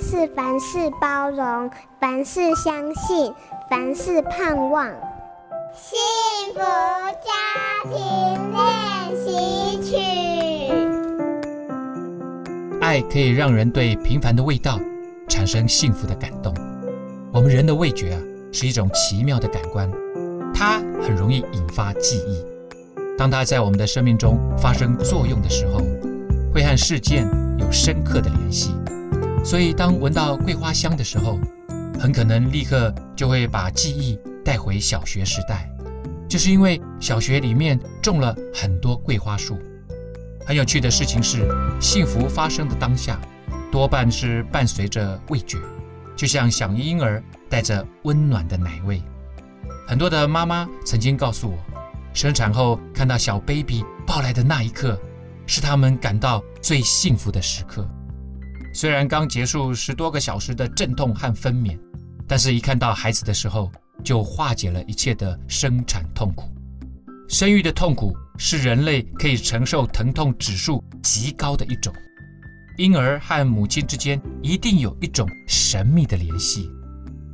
是凡事包容，凡事相信，凡事盼望。幸福家庭練習曲。愛可以讓人對平凡的味道產生幸福的感動。我們人的味覺啊，是一種奇妙的感官，它很容易引發記憶。當它在我們的生命中發生作用的時候，會和事件有深刻的聯繫。所以，當聞到桂花香的時候，很可能立刻就會把記憶帶回小學時代，就是因為小學裡面種了很多桂花樹。很有趣的事情是，幸福發生的當下，多半是伴隨着味覺，就像小嬰兒帶着溫暖的奶味。很多的媽媽曾經告訴我，生產後看到小 baby 抱來的那一刻，是她們感到最幸福的時刻。雖然剛結束十多個小時的陣痛和分娩，但是一看到孩子的時候，就化解了一切的生產痛苦。生育的痛苦是人類可以承受疼痛指數極高的一種。嬰兒和母親之間一定有一種神秘的聯繫，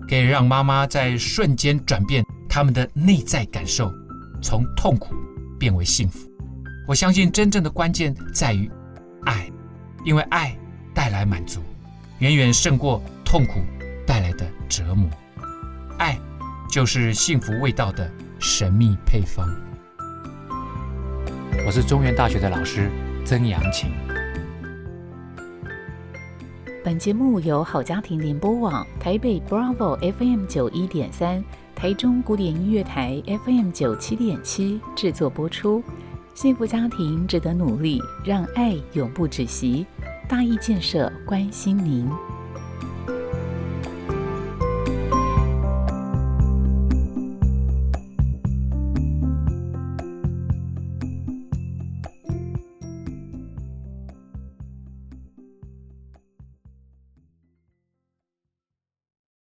可以讓媽媽在瞬間轉變他們的內在感受，從痛苦變為幸福。我相信真正的關鍵在於愛，因為愛。來滿足，遠遠勝過痛苦帶來的折磨。愛，就是幸福味道的神秘配方。我是中原大學的老師曾陽晴。本節目由好家庭聯播網、台北 Bravo FM 九一點三、台中古典音樂台 FM 九七點七製作播出。幸福家庭值得努力，讓愛永不止息。大一建設，關心您。